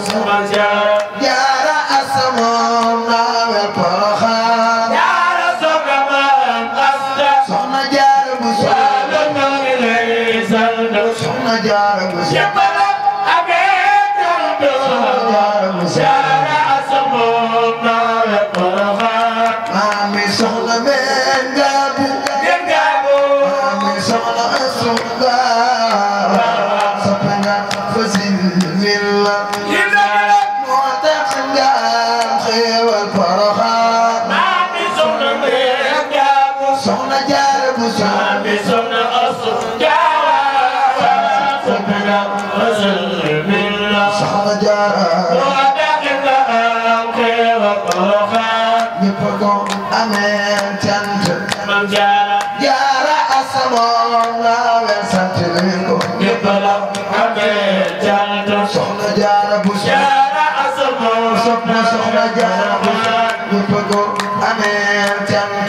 soxna soxna jaara bu ñëpp ko amee cant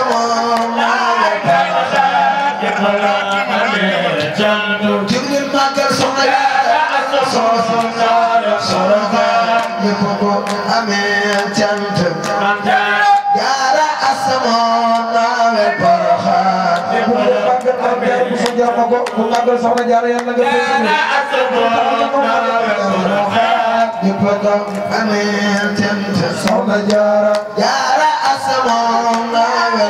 mu màggal soxna Diarra yàlla nga ñëpp a ko amee cant soxna Diarra Diarra asamoon naa